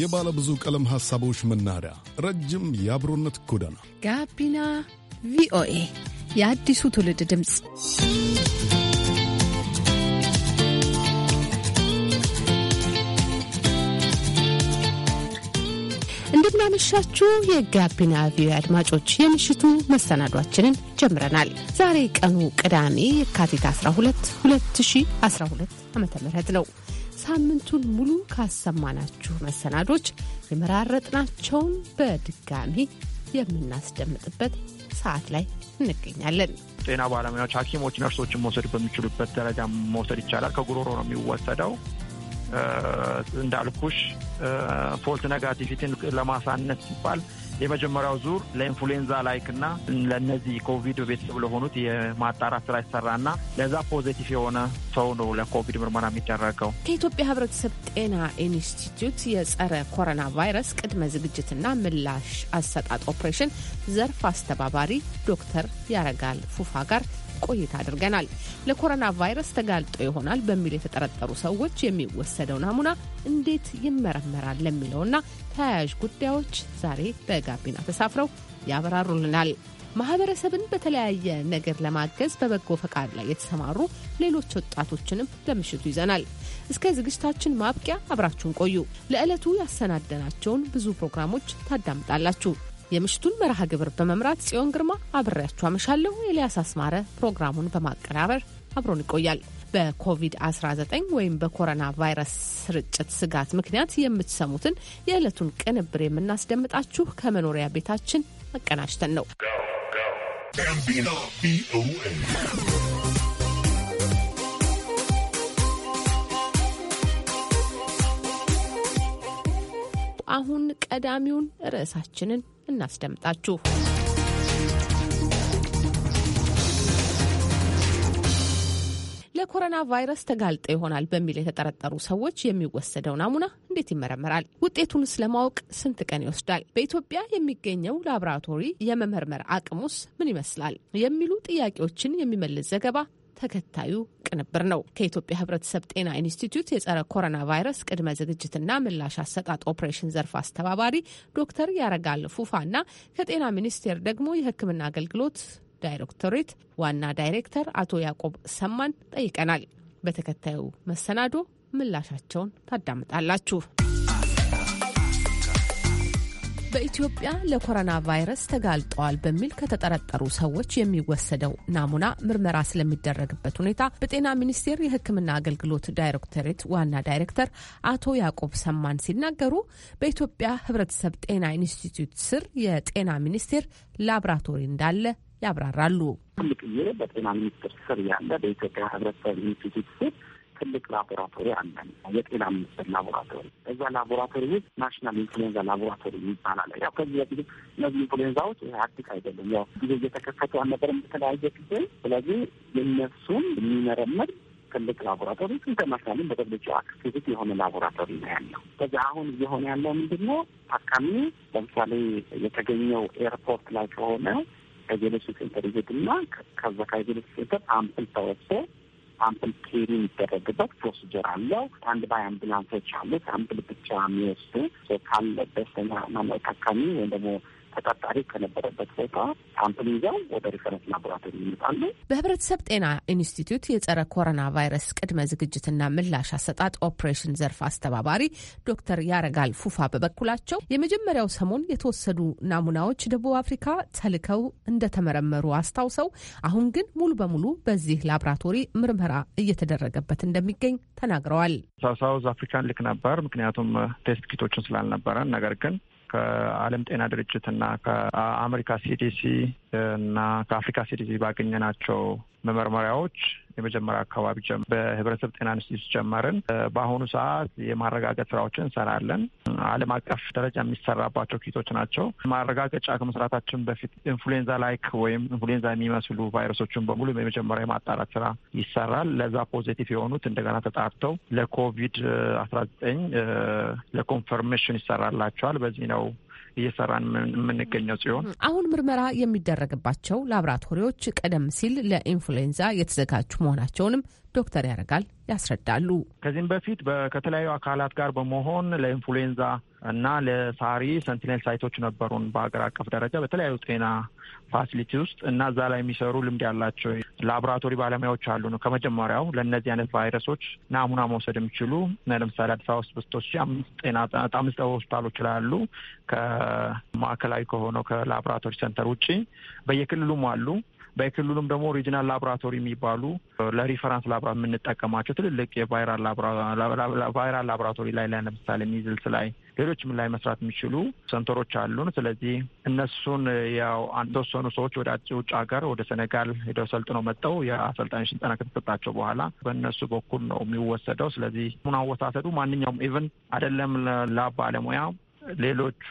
የባለ ብዙ ቀለም ሐሳቦች መናኸሪያ፣ ረጅም የአብሮነት ጎዳና ጋቢና ቪኦኤ የአዲሱ ትውልድ ድምፅ። እንደምናመሻችሁ የጋቢና ቪኦኤ አድማጮች፣ የምሽቱ መሰናዷችንን ጀምረናል። ዛሬ ቀኑ ቅዳሜ የካቲት 12 2012 ዓ ም ነው። ሳምንቱን ሙሉ ካሰማናችሁ መሰናዶች የመራረጥናቸውን በድጋሚ የምናስደምጥበት ሰዓት ላይ እንገኛለን። ጤና ባለሙያዎች፣ ሐኪሞች፣ ነርሶችን መውሰድ በሚችሉበት ደረጃ መውሰድ ይቻላል። ከጉሮሮ ነው የሚወሰደው። እንዳልኩሽ ፎልስ ነጋቲቪቲን ለማሳነስ ሲባል የመጀመሪያው ዙር ለኢንፍሉዌንዛ ላይክ እና ለእነዚህ ኮቪድ ቤተሰብ ለሆኑት የማጣራት ስራ ይሰራና ለዛ ፖዘቲቭ የሆነ ሰው ነው ለኮቪድ ምርመራ የሚደረገው። ከኢትዮጵያ ሕብረተሰብ ጤና ኢንስቲትዩት የጸረ ኮሮና ቫይረስ ቅድመ ዝግጅትና ምላሽ አሰጣጥ ኦፕሬሽን ዘርፍ አስተባባሪ ዶክተር ያረጋል ፉፋ ጋር ቆይታ አድርገናል። ለኮሮና ቫይረስ ተጋልጦ ይሆናል በሚል የተጠረጠሩ ሰዎች የሚወሰደው ናሙና እንዴት ይመረመራል ለሚለውና ተያያዥ ጉዳዮች ዛሬ በጋቢና ተሳፍረው ያብራሩልናል። ማህበረሰብን በተለያየ ነገር ለማገዝ በበጎ ፈቃድ ላይ የተሰማሩ ሌሎች ወጣቶችንም ለምሽቱ ይዘናል። እስከ ዝግጅታችን ማብቂያ አብራችሁን ቆዩ። ለዕለቱ ያሰናደናቸውን ብዙ ፕሮግራሞች ታዳምጣላችሁ። የምሽቱን መርሃ ግብር በመምራት ጽዮን ግርማ አብሬያችሁ አመሻለሁ። ኤልያስ አስማረ ፕሮግራሙን በማቀናበር አብሮን ይቆያል። በኮቪድ-19 ወይም በኮሮና ቫይረስ ስርጭት ስጋት ምክንያት የምትሰሙትን የዕለቱን ቅንብር የምናስደምጣችሁ ከመኖሪያ ቤታችን አቀናጅተን ነው። አሁን ቀዳሚውን ርዕሳችንን እናስደምጣችሁ። ለኮሮና ቫይረስ ተጋልጦ ይሆናል በሚል የተጠረጠሩ ሰዎች የሚወሰደው ናሙና እንዴት ይመረመራል? ውጤቱንስ ለማወቅ ስንት ቀን ይወስዳል? በኢትዮጵያ የሚገኘው ላብራቶሪ የመመርመር አቅሙስ ምን ይመስላል? የሚሉ ጥያቄዎችን የሚመልስ ዘገባ ተከታዩ ቅንብር ነው። ከኢትዮጵያ ሕብረተሰብ ጤና ኢንስቲትዩት የጸረ ኮሮና ቫይረስ ቅድመ ዝግጅትና ምላሽ አሰጣጥ ኦፕሬሽን ዘርፍ አስተባባሪ ዶክተር ያረጋል ፉፋና ከጤና ሚኒስቴር ደግሞ የሕክምና አገልግሎት ዳይሬክቶሬት ዋና ዳይሬክተር አቶ ያዕቆብ ሰማን ጠይቀናል። በተከታዩ መሰናዶ ምላሻቸውን ታዳምጣላችሁ። በኢትዮጵያ ለኮሮና ቫይረስ ተጋልጠዋል በሚል ከተጠረጠሩ ሰዎች የሚወሰደው ናሙና ምርመራ ስለሚደረግበት ሁኔታ በጤና ሚኒስቴር የሕክምና አገልግሎት ዳይሬክቶሬት ዋና ዳይሬክተር አቶ ያዕቆብ ሰማን ሲናገሩ በኢትዮጵያ ሕብረተሰብ ጤና ኢንስቲትዩት ስር የጤና ሚኒስቴር ላብራቶሪ እንዳለ ያብራራሉ። ትልቅዬ በጤና ሚኒስቴር ስር ያለ በኢትዮጵያ ሕብረተሰብ ኢንስቲትዩት ስር ትልቅ ላቦራቶሪ አለን፣ የጤና ሚኒስቴር ላቦራቶሪ። እዛ ላቦራቶሪ ውስጥ ናሽናል ኢንፍሉዌንዛ ላቦራቶሪ ይባላል። ያው ከዚህ በፊት እነዚህ ኢንፍሉዌንዛዎች አዲስ አይደለም፣ ያው ጊዜ እየተከፈቱ አልነበረም በተለያየ ጊዜ። ስለዚህ የነሱን የሚመረምር ትልቅ ላቦራቶሪ ኢንተርናሽናልን በደብልጭ አክቲቪቲ የሆነ ላቦራቶሪ ነው ያለው። ከዚ አሁን እየሆነ ያለው ምንድን ነው? ታካሚ ለምሳሌ የተገኘው ኤርፖርት ላይ ከሆነ ከጀሌሱ ሴንተር ይሄድና ከዛ ከጀሌሱ ሴንተር አምፕል ተወስዶ ሳምፕል ክሊሪ የሚደረግበት ፕሮሲጀር አለው። አንድ ባይ አምቡላንሶች አሉ። ሳምፕል ብቻ የሚወስዱ ካለበት ማመልካካሚ ወይም ደግሞ ተጠርጣሪ ከነበረበት ቦታ ሳምፕል ይዘው ወደ ሪፈረንስ ላቦራቶሪ ይመጣሉ። በህብረተሰብ ጤና ኢንስቲትዩት የጸረ ኮሮና ቫይረስ ቅድመ ዝግጅትና ምላሽ አሰጣጥ ኦፕሬሽን ዘርፍ አስተባባሪ ዶክተር ያረጋል ፉፋ በበኩላቸው የመጀመሪያው ሰሞን የተወሰዱ ናሙናዎች ደቡብ አፍሪካ ተልከው እንደተመረመሩ አስታውሰው አሁን ግን ሙሉ በሙሉ በዚህ ላቦራቶሪ ምርመራ እየተደረገበት እንደሚገኝ ተናግረዋል። ሳውዝ አፍሪካን ልክ ነበር፣ ምክንያቱም ቴስት ኪቶችን ስላልነበረን ነገር ግን ከዓለም ጤና ድርጅት እና ከአሜሪካ ሲዲሲ እና ከአፍሪካ ሲዲሲ ባገኘናቸው መመርመሪያዎች የመጀመሪያ አካባቢ በህብረተሰብ ጤና ኢንስቲትዩት ጀመርን። በአሁኑ ሰዓት የማረጋገጥ ስራዎችን እንሰራለን። ዓለም አቀፍ ደረጃ የሚሰራባቸው ኪቶች ናቸው። ማረጋገጫ ከመስራታችን በፊት ኢንፍሉዌንዛ ላይክ ወይም ኢንፍሉዌንዛ የሚመስሉ ቫይረሶችን በሙሉ የመጀመሪያ የማጣራት ስራ ይሰራል። ለዛ ፖዚቲቭ የሆኑት እንደገና ተጣርተው ለኮቪድ አስራ ዘጠኝ ለኮንፈርሜሽን ይሰራላቸዋል። በዚህ ነው እየሰራን የምንገኘው ሲሆን አሁን ምርመራ የሚደረግባቸው ላብራቶሪዎች ቀደም ሲል ለኢንፍሉዌንዛ የተዘጋጁ መሆናቸውንም ዶክተር ያረጋል ያስረዳሉ። ከዚህም በፊት ከተለያዩ አካላት ጋር በመሆን ለኢንፍሉዌንዛ እና ለሳሪ ሰንቲኔል ሳይቶች ነበሩን በሀገር አቀፍ ደረጃ በተለያዩ ጤና ፋሲሊቲ ውስጥ እና እዛ ላይ የሚሰሩ ልምድ ያላቸው ላቦራቶሪ ባለሙያዎች አሉ ነው። ከመጀመሪያው ለእነዚህ አይነት ቫይረሶች ናሙና መውሰድ የሚችሉ ለምሳሌ አዲስ አበባ ውስጥ አምስት ጤና አምስት ሆስፒታሎች ላይ አሉ። ከማዕከላዊ ከሆነው ከላቦራቶሪ ሰንተር ውጪ በየክልሉም አሉ። በክልሉም ደግሞ ሪጂናል ላቦራቶሪ የሚባሉ ለሪፈራንስ ላብራ የምንጠቀማቸው ትልልቅ የቫይራል ላቦራቶሪ ላይ ላይ ለምሳሌ ሚዝልስ ላይ ሌሎችም ላይ መስራት የሚችሉ ሰንተሮች አሉን። ስለዚህ እነሱን ያው አንተወሰኑ ሰዎች ወደ ውጭ ሀገር ወደ ሴኔጋል ሄደው ሰልጥነው መጠው የአሰልጣኝ ስልጠና ከተሰጣቸው በኋላ በእነሱ በኩል ነው የሚወሰደው። ስለዚህ አወሳሰዱ ማንኛውም ኢቨን አይደለም ላብ ባለሙያ ሌሎቹ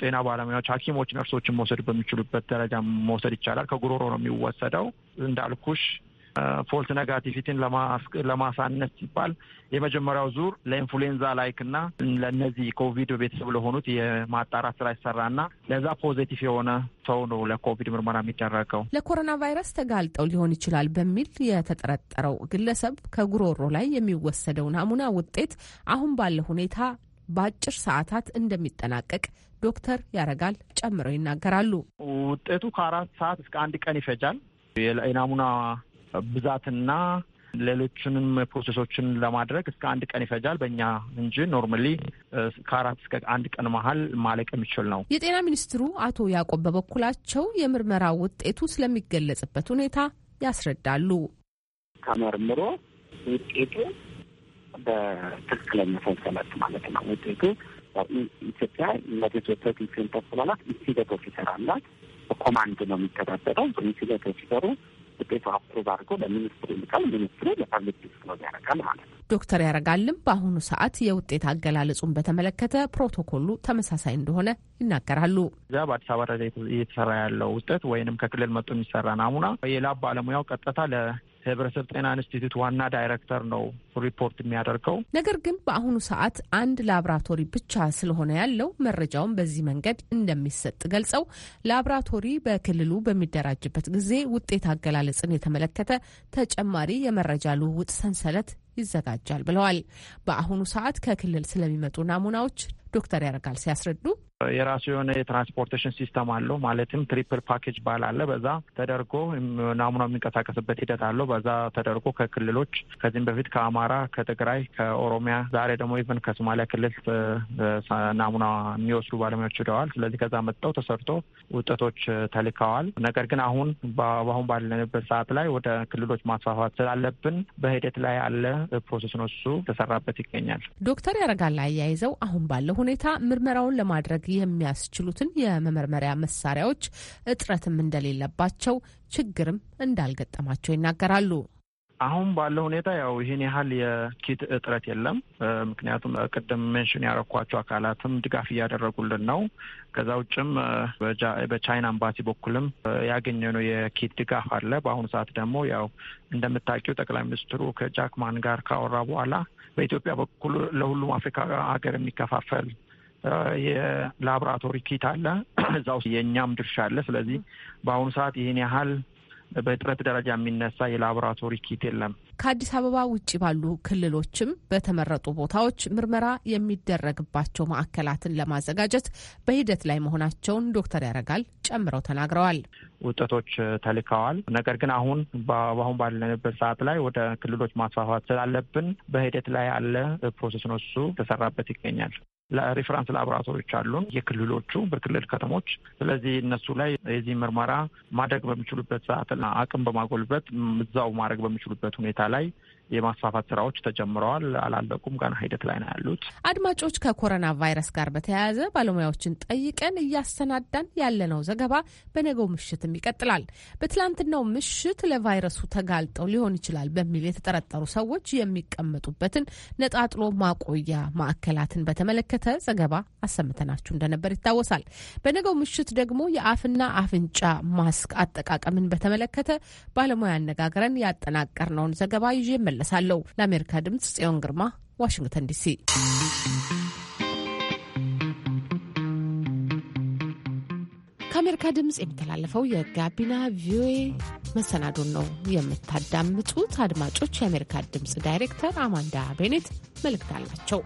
ጤና ባለሙያዎች፣ ሐኪሞች፣ ነርሶችን መውሰድ በሚችሉበት ደረጃ መውሰድ ይቻላል። ከጉሮሮ ነው የሚወሰደው እንዳልኩሽ ፎልስ ነጋቲቪቲን ለማሳነስ ሲባል የመጀመሪያው ዙር ለኢንፍሉዌንዛ ላይክ እና ለእነዚህ ኮቪድ ቤተሰብ ለሆኑት የማጣራት ስራ ይሰራና ለዛ ፖዚቲቭ የሆነ ሰው ነው ለኮቪድ ምርመራ የሚደረገው። ለኮሮና ቫይረስ ተጋልጠው ሊሆን ይችላል በሚል የተጠረጠረው ግለሰብ ከጉሮሮ ላይ የሚወሰደው ናሙና ውጤት አሁን ባለ ሁኔታ በአጭር ሰዓታት እንደሚጠናቀቅ ዶክተር ያረጋል ጨምረው ይናገራሉ። ውጤቱ ከአራት ሰዓት እስከ አንድ ቀን ይፈጃል። የናሙና ብዛትና ሌሎችንም ፕሮሴሶችን ለማድረግ እስከ አንድ ቀን ይፈጃል በእኛ እንጂ ኖርማሊ ከአራት እስከ አንድ ቀን መሀል ማለቅ የሚችል ነው። የጤና ሚኒስትሩ አቶ ያዕቆብ በበኩላቸው የምርመራ ውጤቱ ስለሚገለጽበት ሁኔታ ያስረዳሉ። ተመርምሮ ውጤቱ በትክክለኛ ሰንሰለት ማለት ነው። ውጤቱ ኢትዮጵያ ለዴቶቶት ኢንሴንተርስ አባላት ኢንሲደት ኦፊሰር አላት። በኮማንድ ነው የሚተዳደረው። በኢንሲደት ኦፊሰሩ ውጤቱ አፕሩቭ አድርጎ ለሚኒስትሩ ይልካል። ሚኒስትሩ ለፐብሊክ ዲስክሎዝ ያደርጋል ማለት ነው። ዶክተር ያረጋልም በአሁኑ ሰዓት የውጤት አገላለጹን በተመለከተ ፕሮቶኮሉ ተመሳሳይ እንደሆነ ይናገራሉ። እዚያ በአዲስ አበባ ደረጃ እየተሰራ ያለው ውጤት ወይንም ከክልል መጡ የሚሰራ ናሙና የላብ ባለሙያው ቀጥታ የህብረተሰብ ጤና ኢንስቲትዩት ዋና ዳይሬክተር ነው ሪፖርት የሚያደርገው። ነገር ግን በአሁኑ ሰዓት አንድ ላብራቶሪ ብቻ ስለሆነ ያለው መረጃውን በዚህ መንገድ እንደሚሰጥ ገልጸው ላብራቶሪ በክልሉ በሚደራጅበት ጊዜ ውጤት አገላለጽን የተመለከተ ተጨማሪ የመረጃ ልውውጥ ሰንሰለት ይዘጋጃል ብለዋል። በአሁኑ ሰዓት ከክልል ስለሚመጡ ናሙናዎች ዶክተር ያረጋል ሲያስረዱ የራሱ የሆነ የትራንስፖርቴሽን ሲስተም አለው። ማለትም ትሪፕል ፓኬጅ ባል አለ። በዛ ተደርጎ ናሙና የሚንቀሳቀስበት ሂደት አለው። በዛ ተደርጎ ከክልሎች ከዚህም በፊት ከአማራ፣ ከትግራይ፣ ከኦሮሚያ ዛሬ ደግሞ ኢቨን ከሶማሊያ ክልል ናሙና የሚወስዱ ባለሙያዎች ሂደዋል። ስለዚህ ከዛ መጥተው ተሰርቶ ውጤቶች ተልከዋል። ነገር ግን አሁን በአሁን ባለንበት ሰዓት ላይ ወደ ክልሎች ማስፋፋት ስላለብን በሂደት ላይ ያለ ፕሮሰስ ነው። እሱ ተሰራበት ይገኛል። ዶክተር ያረጋል አያይዘው አሁን ባለው ሁኔታ ምርመራውን ለማድረግ የሚያስችሉትን የመመርመሪያ መሳሪያዎች እጥረትም እንደሌለባቸው ችግርም እንዳልገጠማቸው ይናገራሉ። አሁን ባለው ሁኔታ ያው ይህን ያህል የኪት እጥረት የለም። ምክንያቱም ቅድም ሜንሽን ያረኳቸው አካላትም ድጋፍ እያደረጉልን ነው። ከዛ ውጭም በቻይና አምባሲ በኩልም ያገኘነው የኪት ድጋፍ አለ። በአሁኑ ሰዓት ደግሞ ያው እንደምታውቂው ጠቅላይ ሚኒስትሩ ከጃክማን ጋር ካወራ በኋላ በኢትዮጵያ በኩል ለሁሉም አፍሪካ ሀገር የሚከፋፈል የላቦራቶሪ ኪት አለ። እዛ ውስጥ የእኛም ድርሻ አለ። ስለዚህ በአሁኑ ሰዓት ይህን ያህል በጥረት ደረጃ የሚነሳ የላቦራቶሪ ኪት የለም። ከአዲስ አበባ ውጭ ባሉ ክልሎችም በተመረጡ ቦታዎች ምርመራ የሚደረግባቸው ማዕከላትን ለማዘጋጀት በሂደት ላይ መሆናቸውን ዶክተር ያረጋል ጨምረው ተናግረዋል። ውጤቶች ተልከዋል። ነገር ግን አሁን በአሁን ባለንበት ሰዓት ላይ ወደ ክልሎች ማስፋፋት ስላለብን በሂደት ላይ ያለ ፕሮሴስ ነው። እሱ ተሰራበት ይገኛል። ለሪፈራንስ ላቦራቶሪዎች አሉን የክልሎቹ በክልል ከተሞች። ስለዚህ እነሱ ላይ የዚህ ምርመራ ማድረግ በሚችሉበት ሰዓት አቅም በማጎልበት እዛው ማድረግ በሚችሉበት ሁኔታ ላይ የማስፋፋት ስራዎች ተጀምረዋል፣ አላለቁም፣ ገና ሂደት ላይ ነው ያሉት። አድማጮች ከኮሮና ቫይረስ ጋር በተያያዘ ባለሙያዎችን ጠይቀን እያሰናዳን ያለነው ዘገባ በነገው ምሽትም ይቀጥላል። በትላንትናው ምሽት ለቫይረሱ ተጋልጠው ሊሆን ይችላል በሚል የተጠረጠሩ ሰዎች የሚቀመጡበትን ነጣጥሎ ማቆያ ማዕከላትን በተመለከተ ዘገባ አሰምተናችሁ እንደነበር ይታወሳል። በነገው ምሽት ደግሞ የአፍና አፍንጫ ማስክ አጠቃቀምን በተመለከተ ባለሙያ አነጋግረን ያጠናቀርነውን ዘገባ ይዤ እመለሳለሁ። ለአሜሪካ ድምጽ ጽዮን ግርማ፣ ዋሽንግተን ዲሲ። ከአሜሪካ ድምፅ የሚተላለፈው የጋቢና ቪኦኤ መሰናዶን ነው የምታዳምጡት አድማጮች። የአሜሪካ ድምፅ ዳይሬክተር አማንዳ ቤኔት መልእክት አላቸው።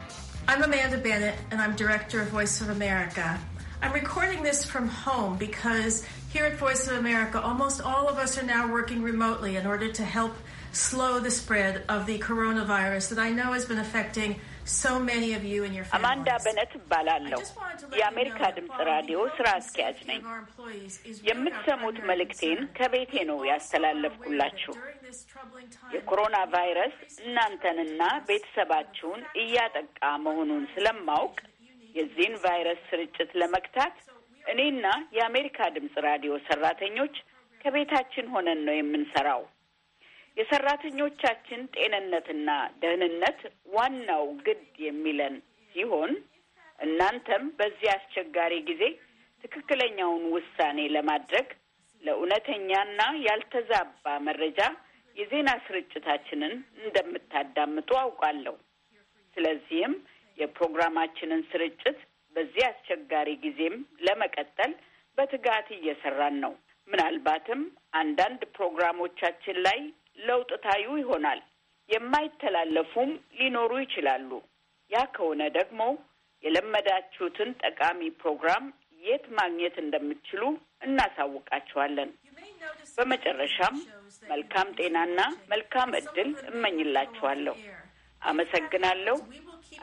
I'm recording this from home because here at Voice of America, almost all of us are now working remotely in order to help slow the spread of the coronavirus that I know has been affecting so many of you and your families. Amanda Bennett Balalo, America Dims Radio, Sras Kajni. Yemit Samut Malikteen, Kabetino, Yastalal of Kulachu. Coronavirus, Nantanana, Bet Sabachun, Iyatak Amonun Slam Mauk, Yazin virus, Richard Lamaktat, እኔና የአሜሪካ ድምፅ ራዲዮ ሰራተኞች ከቤታችን ሆነን ነው የምንሰራው። የሰራተኞቻችን ጤንነትና ደህንነት ዋናው ግድ የሚለን ሲሆን እናንተም በዚህ አስቸጋሪ ጊዜ ትክክለኛውን ውሳኔ ለማድረግ ለእውነተኛና ያልተዛባ መረጃ የዜና ስርጭታችንን እንደምታዳምጡ አውቃለሁ። ስለዚህም የፕሮግራማችንን ስርጭት በዚህ አስቸጋሪ ጊዜም ለመቀጠል በትጋት እየሰራን ነው። ምናልባትም አንዳንድ ፕሮግራሞቻችን ላይ ለውጥ ታዩ ይሆናል። የማይተላለፉም ሊኖሩ ይችላሉ። ያ ከሆነ ደግሞ የለመዳችሁትን ጠቃሚ ፕሮግራም የት ማግኘት እንደምትችሉ እናሳውቃችኋለን። በመጨረሻም መልካም ጤናና መልካም ዕድል እመኝላችኋለሁ። አመሰግናለሁ።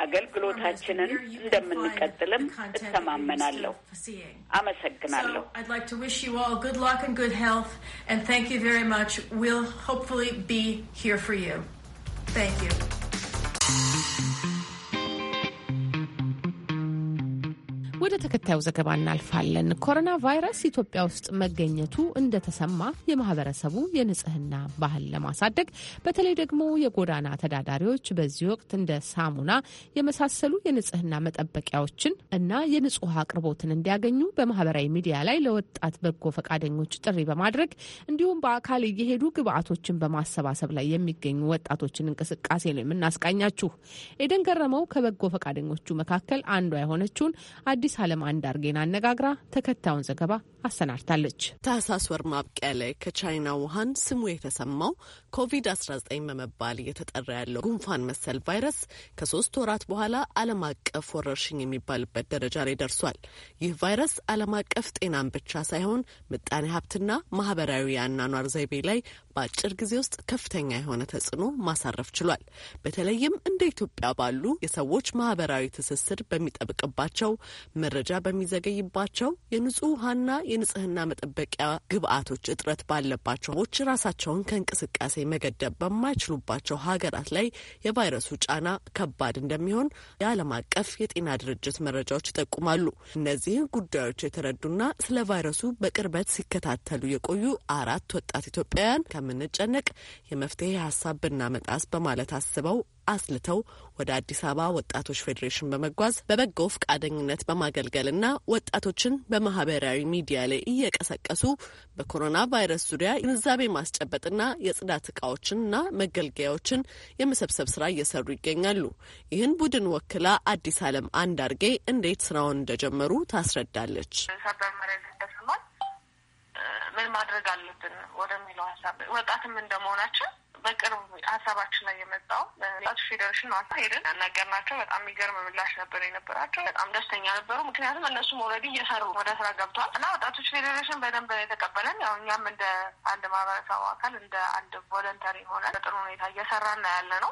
አገልግሎታችንን እንደምንቀጥልም እተማመናለሁ። አመሰግናለሁ። Thank you. ወደ ተከታዩ ዘገባ እናልፋለን። ኮሮና ቫይረስ ኢትዮጵያ ውስጥ መገኘቱ እንደተሰማ የማህበረሰቡ የንጽህና ባህል ለማሳደግ በተለይ ደግሞ የጎዳና ተዳዳሪዎች በዚህ ወቅት እንደ ሳሙና የመሳሰሉ የንጽህና መጠበቂያዎችን እና የንጹህ አቅርቦትን እንዲያገኙ በማህበራዊ ሚዲያ ላይ ለወጣት በጎ ፈቃደኞች ጥሪ በማድረግ እንዲሁም በአካል እየሄዱ ግብአቶችን በማሰባሰብ ላይ የሚገኙ ወጣቶችን እንቅስቃሴ ነው የምናስቃኛችሁ። ኤደን ገረመው ከበጎ ፈቃደኞቹ መካከል አንዷ የሆነችውን አዲስ ሳለም አንዳርጌን አነጋግራ ተከታዩን ዘገባ አሰናድታለች። ታህሳስ ወር ማብቂያ ላይ ከቻይና ውሃን ስሙ የተሰማው ኮቪድ-19 በመባል እየተጠራ ያለው ጉንፋን መሰል ቫይረስ ከሶስት ወራት በኋላ ዓለም አቀፍ ወረርሽኝ የሚባልበት ደረጃ ላይ ደርሷል። ይህ ቫይረስ ዓለም አቀፍ ጤናን ብቻ ሳይሆን ምጣኔ ሀብትና ማህበራዊ የአኗኗር ዘይቤ ላይ በአጭር ጊዜ ውስጥ ከፍተኛ የሆነ ተጽዕኖ ማሳረፍ ችሏል። በተለይም እንደ ኢትዮጵያ ባሉ የሰዎች ማህበራዊ ትስስር በሚጠብቅባቸው መረጃ በሚዘገይባቸው የንጹህ ውሃና የንጽህና መጠበቂያ ግብአቶች እጥረት ባለባቸው ቦች ራሳቸውን ከእንቅስቃሴ መገደብ በማይችሉባቸው ሀገራት ላይ የቫይረሱ ጫና ከባድ እንደሚሆን የዓለም አቀፍ የጤና ድርጅት መረጃዎች ይጠቁማሉ። እነዚህ ጉዳዮች የተረዱና ስለ ቫይረሱ በቅርበት ሲከታተሉ የቆዩ አራት ወጣት ኢትዮጵያውያን ከምንጨነቅ የመፍትሄ ሀሳብ ብናመጣስ በማለት አስበው አስልተው ወደ አዲስ አበባ ወጣቶች ፌዴሬሽን በመጓዝ በበጎ ፈቃደኝነት በማገልገልና ወጣቶችን በማህበራዊ ሚዲያ ላይ እየቀሰቀሱ በኮሮና ቫይረስ ዙሪያ ግንዛቤ ማስጨበጥና የጽዳት እቃዎችንና መገልገያዎችን የመሰብሰብ ስራ እየሰሩ ይገኛሉ። ይህን ቡድን ወክላ አዲስ አለም አንዳርጌ እንዴት ስራውን እንደጀመሩ ታስረዳለች። ምን ማድረግ አለብን ወደሚለው ሀሳብ ወጣትም እንደመሆናችን በቅርብ ሀሳባችን ላይ የመጣው ጣቱ ፌዴሬሽን ዋሳ ሄደን ያናገርናቸው በጣም የሚገርም ምላሽ ነበር የነበራቸው። በጣም ደስተኛ ነበሩ። ምክንያቱም እነሱም ኦልሬዲ እየሰሩ ወደ ስራ ገብተዋል እና ወጣቶች ፌዴሬሽን በደንብ የተቀበለን። ያው እኛም እንደ አንድ ማህበረሰቡ አካል እንደ አንድ ቮለንተሪ ሆነ በጥሩ ሁኔታ እየሰራን ያለ ነው።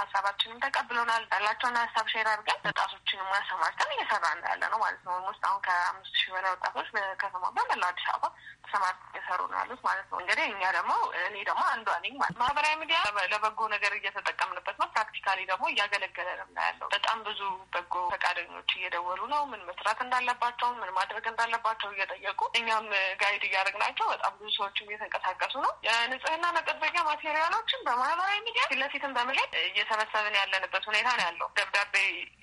ሀሳባችንም ተቀብለናል። ያላቸውን ሀሳብ ሼር አድርገን ወጣቶችንም ማሰማርተን እየሰራን ያለ ነው ማለት ነው። ውስጥ አሁን ከአምስት ሺህ በላይ ወጣቶች በከተማ በመላ አዲስ አበባ ሰማት የሰሩ ነው ያሉት ማለት ነው። እንግዲህ እኛ ደግሞ እኔ ደግሞ አንዷ ነኝ ማለት ማህበራዊ ሚዲያ ለበጎ ነገር እየተጠቀምንበት ነው። ፕራክቲካሊ ደግሞ እያገለገለ ነው ያለው። በጣም ብዙ በጎ ፈቃደኞች እየደወሉ ነው። ምን መስራት እንዳለባቸው፣ ምን ማድረግ እንዳለባቸው እየጠየቁ እኛም ጋይድ እያደረግናቸው በጣም ብዙ ሰዎችም እየተንቀሳቀሱ ነው። የንጽህና መጠበቂያ ማቴሪያሎችን በማህበራዊ ሚዲያ ፊት ለፊትም በመሄድ እየሰበሰብን ያለንበት ሁኔታ ነው ያለው። ደብዳቤ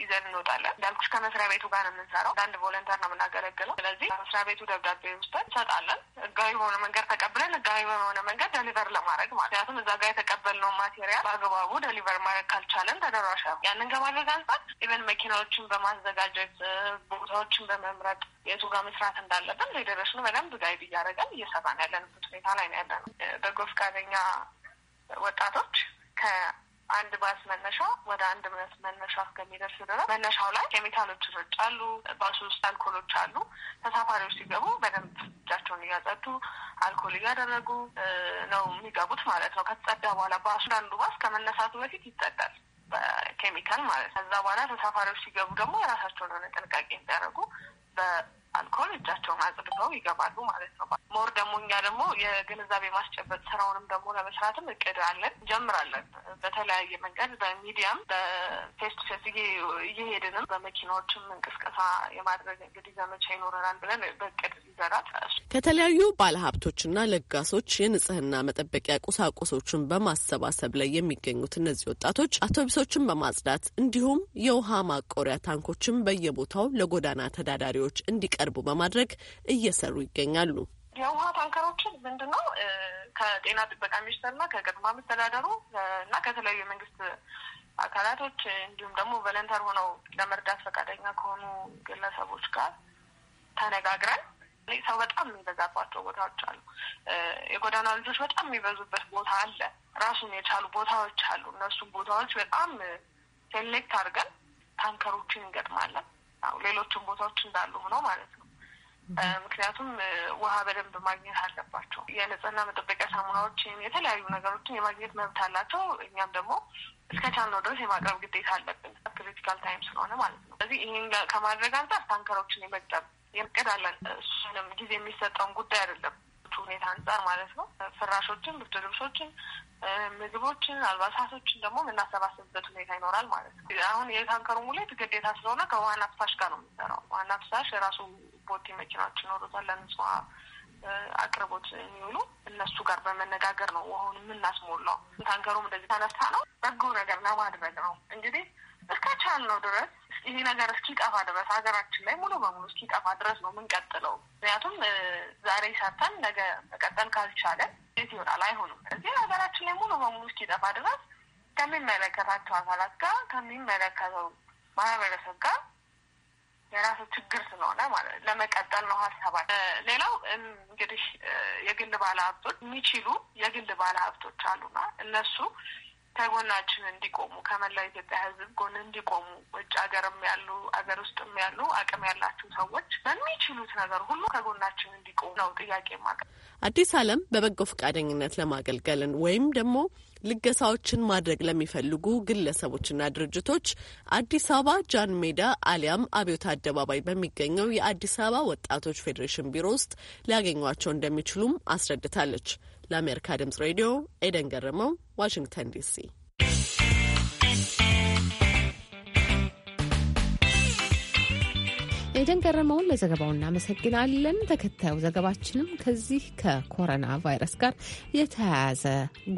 ይዘን እንወጣለን። እንዳልኩሽ ከመስሪያ ቤቱ ጋር ነው የምንሰራው። አንድ ቮለንተር ነው የምናገለግለው። ስለዚህ ከመስሪያ ቤቱ ደብዳቤ ውስጠን እንሰጣለን። ህጋዊ በሆነ መንገድ ተቀብለን ህጋዊ በሆነ መንገድ ደሊቨር ለማድረግ ማለት ምክንያቱም እዛ ጋር የተቀበልነው ማቴሪያል በአግባቡ ደሊቨር ማድረግ ካልቻለን ተደራሻ ያንን ከማድረግ አንጻር ኢቨን መኪናዎችን በማዘጋጀት ቦታዎችን በመምረጥ የቱ ጋር መስራት እንዳለብን ፌዴሬሽኑ በደንብ ጋይድ እያደረገን እየሰራን ያለንበት ሁኔታ ላይ ነው ያለነው። በጎ ፈቃደኛ ወጣቶች ከ አንድ ባስ መነሻ ወደ አንድ ምረት መነሻ እስከሚደርስ ድረስ መነሻው ላይ ኬሚካሎች አሉ ባሱ ውስጥ አልኮሎች አሉ። ተሳፋሪዎች ሲገቡ በደንብ እጃቸውን እያጸዱ አልኮል እያደረጉ ነው የሚገቡት ማለት ነው። ከተጸዳ በኋላ ባሱ አንዱ ባስ ከመነሳቱ በፊት ይጸዳል በኬሚካል ማለት ነው። ከዛ በኋላ ተሳፋሪዎች ሲገቡ ደግሞ የራሳቸውን የሆነ ጥንቃቄ እንዲያደርጉ አልኮል እጃቸውን አጽድተው ይገባሉ ማለት ነው። ሞር ደግሞ እኛ ደግሞ የግንዛቤ ማስጨበጥ ስራውንም ደግሞ ለመስራትም እቅድ አለን፣ እንጀምራለን። በተለያየ መንገድ በሚዲያም በፌስ ቱ ፌስ እየሄድንም በመኪናዎችም እንቅስቀሳ የማድረግ እንግዲህ ዘመቻ ይኖረናል ብለን በእቅድ ይዘናል። ከተለያዩ ባለሀብቶችና ለጋሶች የንጽህና መጠበቂያ ቁሳቁሶችን በማሰባሰብ ላይ የሚገኙት እነዚህ ወጣቶች አውቶቡሶችን በማጽዳት እንዲሁም የውሃ ማቆሪያ ታንኮችን በየቦታው ለጎዳና ተዳዳሪዎች እንዲቀርብ እንዲቀርቡ በማድረግ እየሰሩ ይገኛሉ። የውሃ ታንከሮችን ምንድነው ከጤና ጥበቃ ሚኒስቴርና ከከተማ መስተዳደሩ እና ከተለያዩ የመንግስት አካላቶች እንዲሁም ደግሞ ቨለንተር ሆነው ለመርዳት ፈቃደኛ ከሆኑ ግለሰቦች ጋር ተነጋግረን ሰው በጣም የሚበዛባቸው ቦታዎች አሉ። የጎዳና ልጆች በጣም የሚበዙበት ቦታ አለ። ራሱን የቻሉ ቦታዎች አሉ። እነሱም ቦታዎች በጣም ሴሌክት አድርገን ታንከሮችን እንገጥማለን። ሌሎችም ቦታዎች እንዳሉ ሆነው ማለት ነው። ምክንያቱም ውሃ በደንብ ማግኘት አለባቸው። የንጽህና መጠበቂያ ሳሙናዎችን፣ የተለያዩ ነገሮችን የማግኘት መብት አላቸው። እኛም ደግሞ እስከ ቻልነው ድረስ የማቅረብ ግዴታ አለብን፣ ክሪቲካል ታይም ስለሆነ ማለት ነው። ስለዚህ ይህን ከማድረግ አንጻር ታንከሮችን የመቅጠብ የመቀዳለን እሱንም ጊዜ የሚሰጠውን ጉዳይ አይደለም። ሁኔታ አንጻር ማለት ነው። ፍራሾችን፣ ብርድ ልብሶችን፣ ምግቦችን፣ አልባሳቶችን ደግሞ የምናሰባስብበት ሁኔታ ይኖራል ማለት ነው። አሁን የታንከሩ ሙሌት ግዴታ ስለሆነ ከዋና ፍሳሽ ጋር ነው የሚሰራው። ዋና ፍሳሽ የራሱ ቦቴ መኪናዎች ይኖሩታል ለንጽዋ አቅርቦት የሚውሉ እነሱ ጋር በመነጋገር ነው አሁን የምናስሞላው። ታንከሩም እንደዚህ ተነሳ ነው በጎ ነገር ለማድረግ ነው እንግዲህ እስከቻልነው ድረስ ይሄ ነገር እስኪጠፋ ድረስ ሀገራችን ላይ ሙሉ በሙሉ እስኪጠፋ ድረስ ነው የምንቀጥለው። ምክንያቱም ዛሬ ሰርተን ነገ መቀጠል ካልቻለ ቤት ይሆናል፣ አይሆንም። እዚህ ሀገራችን ላይ ሙሉ በሙሉ እስኪጠፋ ድረስ ከሚመለከታቸው አካላት ጋር ከሚመለከተው ማህበረሰብ ጋር የራሱ ችግር ስለሆነ ማለት ለመቀጠል ነው ሀሳባል። ሌላው እንግዲህ የግል ባለ ሀብቶች የሚችሉ የግል ባለ ሀብቶች አሉና እነሱ ከጎናችን እንዲቆሙ ከመላ ኢትዮጵያ ሕዝብ ጎን እንዲቆሙ ውጭ ሀገርም ያሉ ሀገር ውስጥም ያሉ አቅም ያላቸው ሰዎች በሚችሉት ነገር ሁሉ ከጎናችን እንዲቆሙ ነው ጥያቄ ማቀ አዲስ ዓለም በበጎ ፈቃደኝነት ለማገልገልን ወይም ደግሞ ልገሳዎችን ማድረግ ለሚፈልጉ ግለሰቦችና ድርጅቶች አዲስ አበባ ጃን ሜዳ አሊያም አብዮት አደባባይ በሚገኘው የአዲስ አበባ ወጣቶች ፌዴሬሽን ቢሮ ውስጥ ሊያገኟቸው እንደሚችሉም አስረድታለች። ለአሜሪካ ድምጽ ሬዲዮ ኤደን ገረመው ዋሽንግተን ዲሲ ኤደን ገረመውን ለዘገባው እናመሰግናለን። ተከታዩ ዘገባችንም ከዚህ ከኮሮና ቫይረስ ጋር የተያያዘ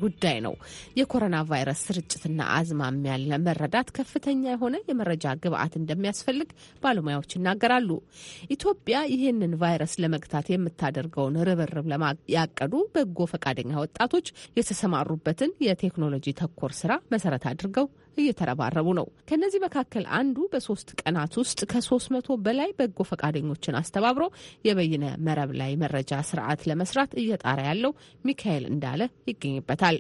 ጉዳይ ነው። የኮሮና ቫይረስ ስርጭትና አዝማሚያ ለመረዳት ከፍተኛ የሆነ የመረጃ ግብዓት እንደሚያስፈልግ ባለሙያዎች ይናገራሉ። ኢትዮጵያ ይህንን ቫይረስ ለመግታት የምታደርገውን ርብርብ ያቀዱ በጎ ፈቃደኛ ወጣቶች የተሰማሩበትን የቴክኖሎጂ ተኮር ስራ መሰረት አድርገው እየተረባረቡ ነው። ከእነዚህ መካከል አንዱ በሶስት ቀናት ውስጥ ከሶስት መቶ በላይ በጎ ፈቃደኞችን አስተባብሮ የበይነ መረብ ላይ መረጃ ስርዓት ለመስራት እየጣረ ያለው ሚካኤል እንዳለ ይገኝበታል።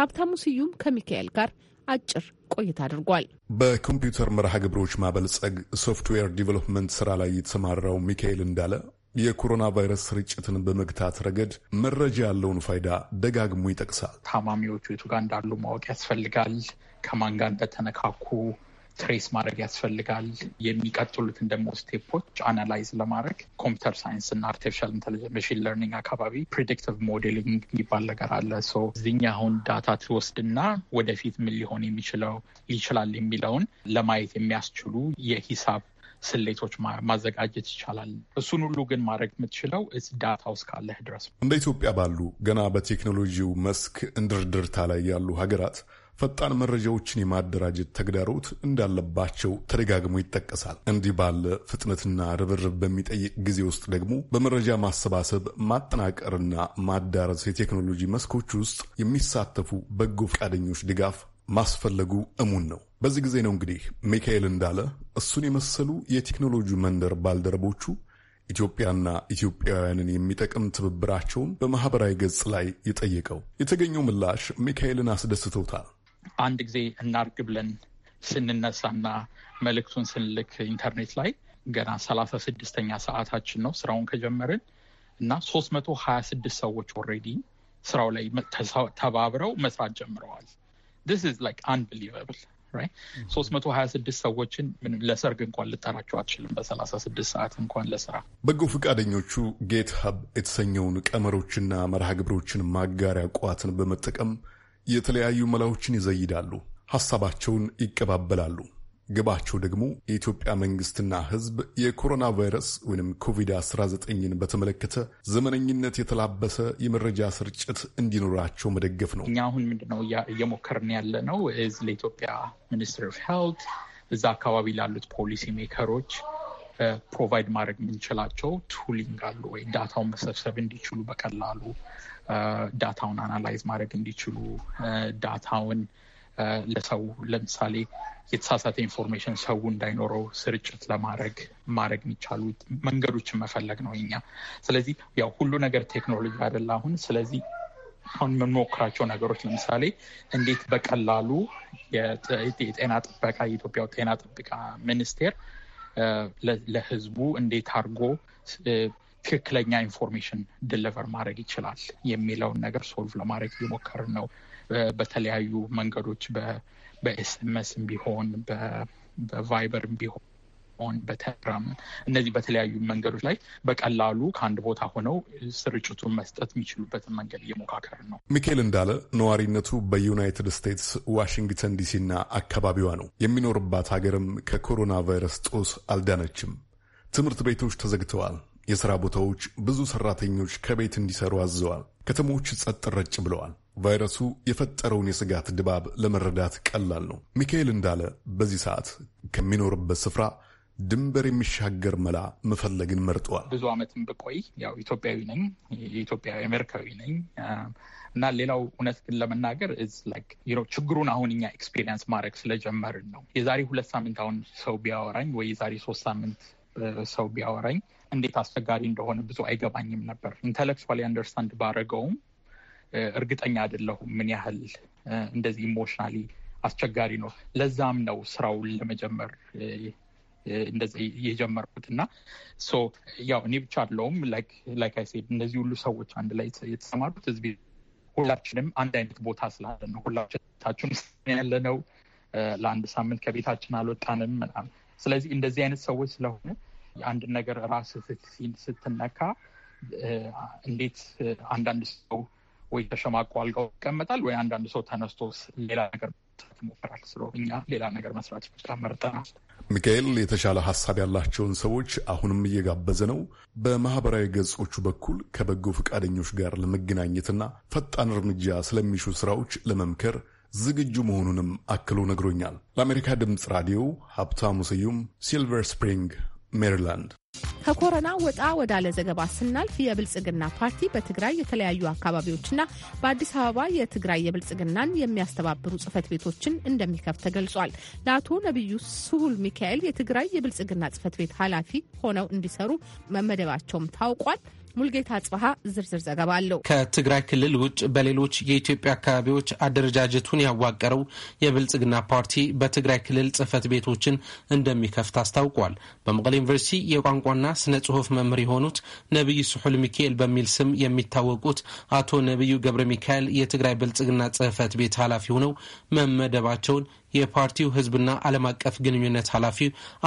ሀብታሙ ስዩም ከሚካኤል ጋር አጭር ቆይታ አድርጓል። በኮምፒውተር መርሃ ግብሮች ማበልጸግ ሶፍትዌር ዲቨሎፕመንት ስራ ላይ የተሰማራው ሚካኤል እንዳለ የኮሮና ቫይረስ ስርጭትን በመግታት ረገድ መረጃ ያለውን ፋይዳ ደጋግሞ ይጠቅሳል። ታማሚዎቹ የቱ ጋር እንዳሉ ማወቅ ያስፈልጋል። ከማን ጋር እንደተነካኩ ትሬስ ማድረግ ያስፈልጋል። የሚቀጥሉትን ደግሞ ስቴፖች አናላይዝ ለማድረግ ኮምፒውተር ሳይንስ እና አርቲፊሻል ኢንቴሊጀንስ መሽን ለርኒንግ አካባቢ ፕሪዲክቲቭ ሞዴሊንግ የሚባል ነገር አለ። ሶ እዚኛ አሁን ዳታ ትወስድና ወደፊት ምን ሊሆን የሚችለው ይችላል የሚለውን ለማየት የሚያስችሉ የሂሳብ ስሌቶች ማዘጋጀት ይቻላል። እሱን ሁሉ ግን ማድረግ የምትችለው እዚህ ዳታ ውስጥ ካለህ ድረስ። እንደ ኢትዮጵያ ባሉ ገና በቴክኖሎጂው መስክ እንድርድርታ ላይ ያሉ ሀገራት ፈጣን መረጃዎችን የማደራጀት ተግዳሮት እንዳለባቸው ተደጋግሞ ይጠቀሳል። እንዲህ ባለ ፍጥነትና ርብርብ በሚጠይቅ ጊዜ ውስጥ ደግሞ በመረጃ ማሰባሰብ፣ ማጠናቀርና ማዳረስ የቴክኖሎጂ መስኮች ውስጥ የሚሳተፉ በጎ ፈቃደኞች ድጋፍ ማስፈለጉ እሙን ነው። በዚህ ጊዜ ነው እንግዲህ ሚካኤል እንዳለ እሱን የመሰሉ የቴክኖሎጂ መንደር ባልደረቦቹ ኢትዮጵያና ኢትዮጵያውያንን የሚጠቅም ትብብራቸውን በማኅበራዊ ገጽ ላይ የጠየቀው። የተገኘው ምላሽ ሚካኤልን አስደስቶታል። አንድ ጊዜ እናርግ ብለን ስንነሳና መልእክቱን ስንልክ ኢንተርኔት ላይ ገና ሰላሳ ስድስተኛ ሰዓታችን ነው ስራውን ከጀመርን እና ሶስት መቶ ሀያ ስድስት ሰዎች ኦልሬዲ ስራው ላይ ተባብረው መስራት ጀምረዋል። ዲስ ኢዝ ላይክ አንቢሊቨብል ሶስት መቶ ሀያ ስድስት ሰዎችን ምንም ለሰርግ እንኳን ልጠራቸው አትችልም። በሰላሳ ስድስት ሰዓት እንኳን ለስራ በጎ ፈቃደኞቹ ጌት ሀብ የተሰኘውን ቀመሮችና መርሃ ግብሮችን ማጋሪያ ቋትን በመጠቀም የተለያዩ መላዎችን ይዘይዳሉ፣ ሐሳባቸውን ይቀባበላሉ። ግባቸው ደግሞ የኢትዮጵያ መንግስትና ሕዝብ የኮሮና ቫይረስ ወይም ኮቪድ-19ን በተመለከተ ዘመነኝነት የተላበሰ የመረጃ ስርጭት እንዲኖራቸው መደገፍ ነው። እኛ አሁን ምንድነው እየሞከርን ያለ ነው ለኢትዮጵያ ሚኒስትር ኦፍ ሄልት እዛ አካባቢ ላሉት ፖሊሲ ሜከሮች ፕሮቫይድ ማድረግ የምንችላቸው ቱሊንግ አሉ ወይ ዳታውን መሰብሰብ እንዲችሉ በቀላሉ ዳታውን አናላይዝ ማድረግ እንዲችሉ ዳታውን ለሰው ለምሳሌ የተሳሳተ ኢንፎርሜሽን ሰው እንዳይኖረው ስርጭት ለማድረግ ማድረግ የሚቻሉ መንገዶችን መፈለግ ነው እኛ። ስለዚህ ያው ሁሉ ነገር ቴክኖሎጂ አይደለ አሁን። ስለዚህ አሁን የምንሞክራቸው ነገሮች ለምሳሌ እንዴት በቀላሉ የጤና ጥበቃ የኢትዮጵያው ጤና ጥበቃ ሚኒስቴር ለህዝቡ እንዴት አድርጎ ትክክለኛ ኢንፎርሜሽን ድሊቨር ማድረግ ይችላል የሚለውን ነገር ሶልቭ ለማድረግ እየሞከርን ነው። በተለያዩ መንገዶች በኤስኤምኤስም ቢሆን በቫይበርም ቢሆን ኦን እነዚህ በተለያዩ መንገዶች ላይ በቀላሉ ከአንድ ቦታ ሆነው ስርጭቱን መስጠት የሚችሉበትን መንገድ እየሞካከር ነው። ሚካኤል እንዳለ ነዋሪነቱ በዩናይትድ ስቴትስ ዋሽንግተን ዲሲ እና አካባቢዋ ነው። የሚኖርባት ሀገርም ከኮሮና ቫይረስ ጦስ አልዳነችም። ትምህርት ቤቶች ተዘግተዋል። የሥራ ቦታዎች ብዙ ሠራተኞች ከቤት እንዲሠሩ አዘዋል። ከተሞች ጸጥ ረጭ ብለዋል። ቫይረሱ የፈጠረውን የስጋት ድባብ ለመረዳት ቀላል ነው። ሚካኤል እንዳለ በዚህ ሰዓት ከሚኖርበት ስፍራ ድንበር የሚሻገር መላ መፈለግን መርጠዋል። ብዙ ዓመትም ብቆይ ያው ኢትዮጵያዊ ነኝ፣ የኢትዮጵያ አሜሪካዊ ነኝ እና ሌላው እውነት ግን ለመናገር ችግሩን አሁን እኛ ኤክስፔሪንስ ማድረግ ስለጀመርን ነው። የዛሬ ሁለት ሳምንት አሁን ሰው ቢያወራኝ ወይ የዛሬ ሶስት ሳምንት ሰው ቢያወራኝ እንዴት አስቸጋሪ እንደሆነ ብዙ አይገባኝም ነበር። ኢንተሌክቹዋሊ አንደርስታንድ ባረገውም እርግጠኛ አይደለሁም ምን ያህል እንደዚህ ኢሞሽናሊ አስቸጋሪ ነው። ለዛም ነው ስራውን ለመጀመር እንደዚህ የጀመርኩት እና ያው እኔ ብቻ አለውም ላይክ አይ ሴድ እነዚህ ሁሉ ሰዎች አንድ ላይ የተሰማሩት ህዝቢ ሁላችንም አንድ አይነት ቦታ ስላለ ነው። ሁላችን ያለ ነው። ለአንድ ሳምንት ከቤታችን አልወጣንም ምናምን። ስለዚህ እንደዚህ አይነት ሰዎች ስለሆነ የአንድ ነገር ራስ ስትነካ እንዴት አንዳንድ ሰው ወይ ተሸማቆ አልጋው ይቀመጣል ወይ አንዳንድ ሰው ተነስቶ ሌላ ነገር መስራት ይሞክራል። ስለሆነ እኛ ሌላ ነገር መስራት መርጠናል። ሚካኤል የተሻለ ሀሳብ ያላቸውን ሰዎች አሁንም እየጋበዘ ነው። በማህበራዊ ገጾቹ በኩል ከበጎ ፈቃደኞች ጋር ለመገናኘትና ፈጣን እርምጃ ስለሚሹ ስራዎች ለመምከር ዝግጁ መሆኑንም አክሎ ነግሮኛል። ለአሜሪካ ድምፅ ራዲዮ ሀብታሙ ስዩም ሲልቨር ስፕሪንግ ሜሪላንድ። ከኮረና ወጣ ወዳለ ዘገባ ስናልፍ የብልጽግና ፓርቲ በትግራይ የተለያዩ አካባቢዎችና በአዲስ አበባ የትግራይ የብልጽግናን የሚያስተባብሩ ጽህፈት ቤቶችን እንደሚከፍት ተገልጿል። ለአቶ ነቢዩ ስሁል ሚካኤል የትግራይ የብልጽግና ጽህፈት ቤት ኃላፊ ሆነው እንዲሰሩ መመደባቸውም ታውቋል። ሙልጌታ አጽበሀ ዝርዝር ዘገባ አለው። ከትግራይ ክልል ውጭ በሌሎች የኢትዮጵያ አካባቢዎች አደረጃጀቱን ያዋቀረው የብልጽግና ፓርቲ በትግራይ ክልል ጽህፈት ቤቶችን እንደሚከፍት አስታውቋል። በመቀሌ ዩኒቨርሲቲ የቋንቋና ስነ ጽሁፍ መምህር የሆኑት ነቢይ ስሑል ሚካኤል በሚል ስም የሚታወቁት አቶ ነቢዩ ገብረ ሚካኤል የትግራይ ብልጽግና ጽህፈት ቤት ኃላፊ ሆነው መመደባቸውን የፓርቲው ህዝብና ዓለም አቀፍ ግንኙነት ኃላፊ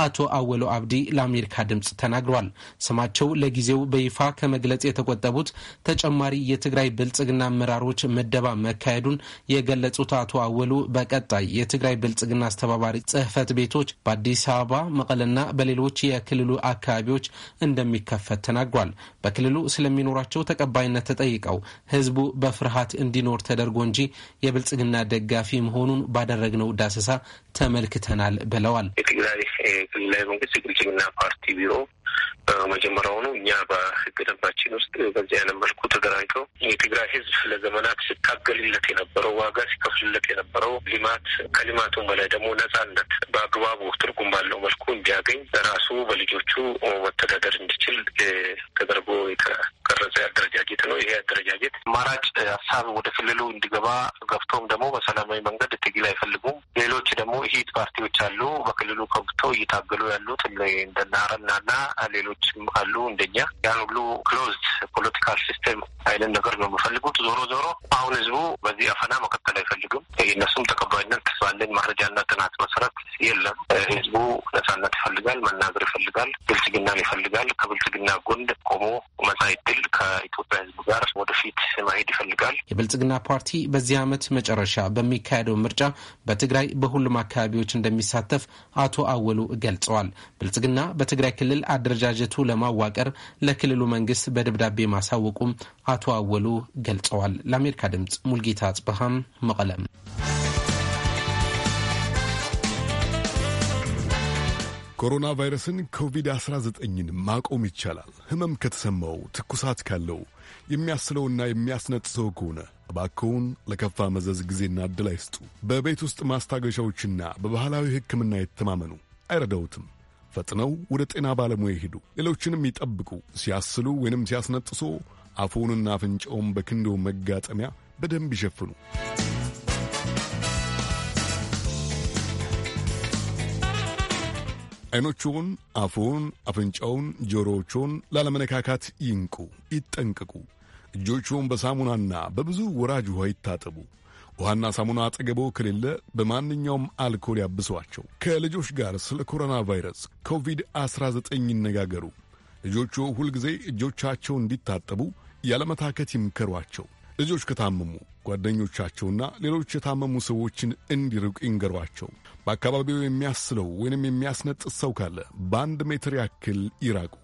አቶ አወሎ አብዲ ለአሜሪካ ድምፅ ተናግሯል። ስማቸው ለጊዜው በይፋ ከመግለጽ የተቆጠቡት ተጨማሪ የትግራይ ብልጽግና አመራሮች መደባ መካሄዱን የገለጹት አቶ አወሉ በቀጣይ የትግራይ ብልጽግና አስተባባሪ ጽህፈት ቤቶች በአዲስ አበባ፣ መቀለና በሌሎች የክልሉ አካባቢዎች እንደሚከፈት ተናግሯል። በክልሉ ስለሚኖራቸው ተቀባይነት ተጠይቀው ህዝቡ በፍርሃት እንዲኖር ተደርጎ እንጂ የብልጽግና ደጋፊ መሆኑን ባደረግነው ዳ ዳሰሳ ተመልክተናል ብለዋል። የትግራይ ክልላዊ መንግስት የብልጽግና ፓርቲ ቢሮ መጀመሪያውኑ እኛ በህገ ደንባችን ውስጥ በዚህ አይነት መልኩ ተደራጅተው የትግራይ ህዝብ ለዘመናት ሲታገልለት የነበረው ዋጋ ሲከፍልለት የነበረው ልማት ከልማቱም በላይ ደግሞ ነጻነት በአግባቡ ትርጉም ባለው መልኩ እንዲያገኝ ራሱ በልጆቹ መተዳደር እንዲችል ተደርጎ የተቀረጸ አደረጃጀት ነው። ይሄ አደረጃጀት አማራጭ ሀሳብ ወደ ክልሉ እንዲገባ ገብቶም ደግሞ በሰላማዊ መንገድ ትግል አይፈልጉም። ሌሎች ደግሞ ሂት ፓርቲዎች አሉ። በክልሉ ከብቶ እየታገሉ ያሉት እንደናረና ና ሌሎችም አሉ እንደኛ ያን ሁሉ ክሎዝድ ፖለቲካል ሲስተም አይነት ነገር ነው የምፈልጉት። ዞሮ ዞሮ አሁን ህዝቡ በዚህ አፈና መቀጠል አይፈልግም። የእነሱም ተቀባይነት ባለኝ መረጃና ጥናት መሰረት የለም። ህዝቡ ነጻነት ይፈልጋል፣ መናገር ይፈልጋል፣ ብልጽግናን ይፈልጋል። ከብልጽግና ጎን ቆሞ መጻኢ ዕድል ከኢትዮጵያ ሕዝብ ጋር ወደፊት ማሄድ ይፈልጋል። የብልጽግና ፓርቲ በዚህ ዓመት መጨረሻ በሚካሄደው ምርጫ በትግራይ በሁሉም አካባቢዎች እንደሚሳተፍ አቶ አወሉ ገልጸዋል። ብልጽግና በትግራይ ክልል አደረጃጀቱ ለማዋቀር ለክልሉ መንግስት በደብዳቤ ማሳወቁም አቶ አወሉ ገልጸዋል። ለአሜሪካ ድምጽ ሙልጌታ አጽበሃም መቀለም ኮሮና ቫይረስን ኮቪድ-19ን ማቆም ይቻላል። ህመም ከተሰማው፣ ትኩሳት ካለው፣ የሚያስለውና የሚያስነጥሰው ከሆነ እባክዎን ለከፋ መዘዝ ጊዜና ዕድል አይስጡ። በቤት ውስጥ ማስታገሻዎችና በባህላዊ ሕክምና የተማመኑ አይረዳውትም። ፈጥነው ወደ ጤና ባለሙያ ይሄዱ። ሌሎችንም ይጠብቁ። ሲያስሉ ወይንም ሲያስነጥሶ አፉንና አፍንጫውን በክንዶ መጋጠሚያ በደንብ ይሸፍኑ። አይኖቹን፣ አፉን፣ አፍንጫውን፣ ጆሮዎቹን ላለመነካካት ይንቁ፣ ይጠንቀቁ። እጆቹን በሳሙናና በብዙ ወራጅ ውሃ ይታጠቡ። ውሃና ሳሙና አጠገቦ ከሌለ በማንኛውም አልኮል ያብሷቸው። ከልጆች ጋር ስለ ኮሮና ቫይረስ ኮቪድ-19 ይነጋገሩ። ልጆቹ ሁልጊዜ እጆቻቸው እንዲታጠቡ ያለመታከት ይምከሯቸው። ልጆች ከታመሙ ጓደኞቻቸውና ሌሎች የታመሙ ሰዎችን እንዲርቁ ይንገሯቸው። በአካባቢው የሚያስለው ወይንም የሚያስነጥስ ሰው ካለ በአንድ ሜትር ያክል ይራቁ።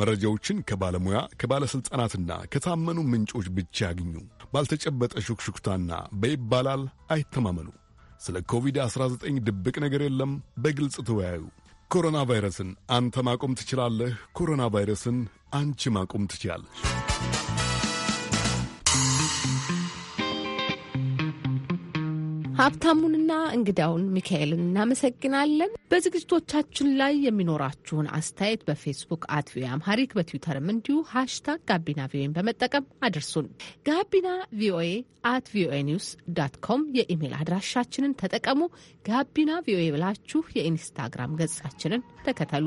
መረጃዎችን ከባለሙያ ከባለሥልጣናትና ከታመኑ ምንጮች ብቻ ያግኙ። ባልተጨበጠ ሹክሹክታና በይባላል አይተማመኑ። ስለ ኮቪድ-19 ድብቅ ነገር የለም፣ በግልጽ ተወያዩ። ኮሮና ቫይረስን አንተ ማቆም ትችላለህ። ኮሮና ቫይረስን አንቺ ማቆም ትችላለች። ሀብታሙንና እንግዳውን ሚካኤልን እናመሰግናለን። በዝግጅቶቻችን ላይ የሚኖራችሁን አስተያየት በፌስቡክ አት ቪኦኤ አምሃሪክ በትዊተርም እንዲሁ ሃሽታግ ጋቢና ቪኦኤን በመጠቀም አድርሱን። ጋቢና ቪኦኤ አት ቪኦኤ ኒውስ ዳት ኮም የኢሜል አድራሻችንን ተጠቀሙ። ጋቢና ቪኦኤ ብላችሁ የኢንስታግራም ገጻችንን ተከተሉ።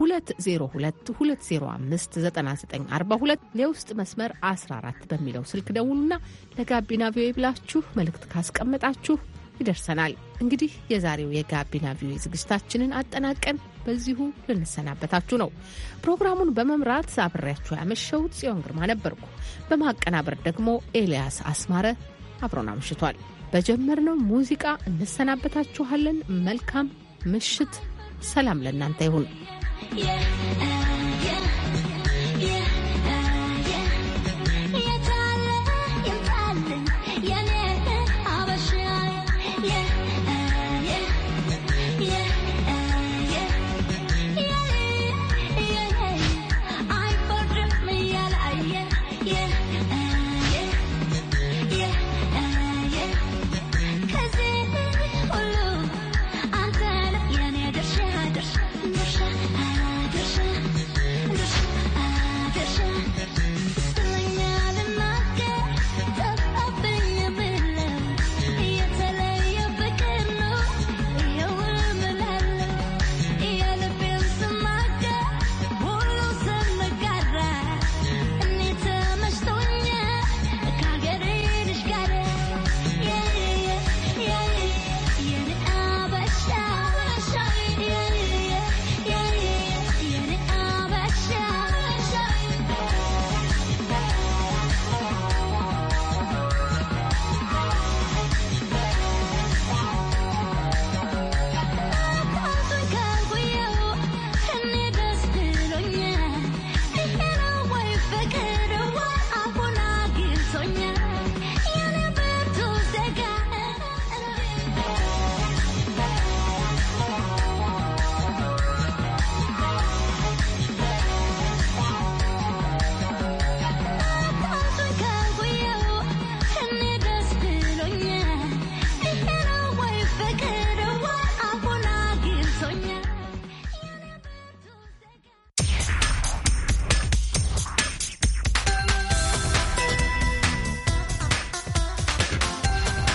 2022059942 የውስጥ መስመር 14 በሚለው ስልክ ደውሉና ለጋቢና ቪኦኤ ብላችሁ መልእክት ካስቀመጣችሁ ይደርሰናል። እንግዲህ የዛሬው የጋቢና ቪኦኤ ዝግጅታችንን አጠናቀን በዚሁ ልንሰናበታችሁ ነው። ፕሮግራሙን በመምራት አብሬያችሁ ያመሸው ጽዮን ግርማ ነበርኩ። በማቀናበር ደግሞ ኤልያስ አስማረ አብሮን አምሽቷል። በጀመርነው ሙዚቃ እንሰናበታችኋለን። መልካም ምሽት። ሰላም ለእናንተ ይሁን።